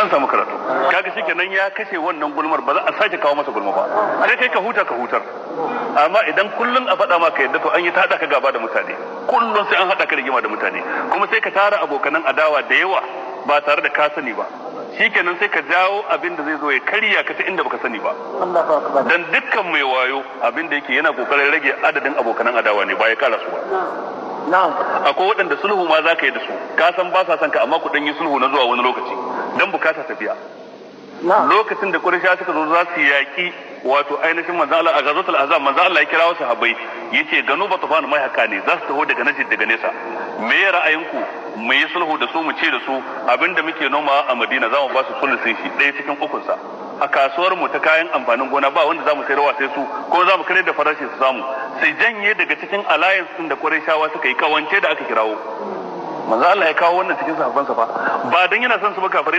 an samu karatu kaga shi kenan ya kashe wannan gulmar ba za a sake kawo masa gulma ba sai kai ka huta ka hutar amma idan kullun a faɗa maka yadda to an yi ta ka gaba da mutane kullun sai an haɗa ka rigima da mutane kuma sai ka tara abokanan adawa da yawa ba tare da ka sani ba shikenan sai ka jawo abin da zai zo ya karya ka ta inda baka sani ba dan dukkan mai wayo abin da yake yana kokarin rage adadin abokanan adawa ne ba ya kara su ba akwai waɗanda sulhu ma zaka yi da su ka san ba sa son ka amma ku ɗan yi sulhu na zuwa wani lokaci don bukata tafiya lokacin da ƙurayshawa suka zo za su yaƙi wato ainihin manzo Allah a gazatul azam manzo Allah ya kira wasu habai ce gano ba tufan mai haka ne za su taho daga nashi daga nesa me ya ra'ayinku mu yi sulhu da su mu ce da su abinda muke noma a Madina za mu ba su sulusin shi ɗaya cikin ukunsa. a kasuwar mu ta kayan amfanin gona ba wanda za mu wa sai su ko za mu kare da farashi su samu sai janye daga cikin alliance din da Qurayshawa suka yi kawance da aka kirawo manzo Allah ya kawo wannan cikin sahabbansa fa ba dan yana son su ba kafare ne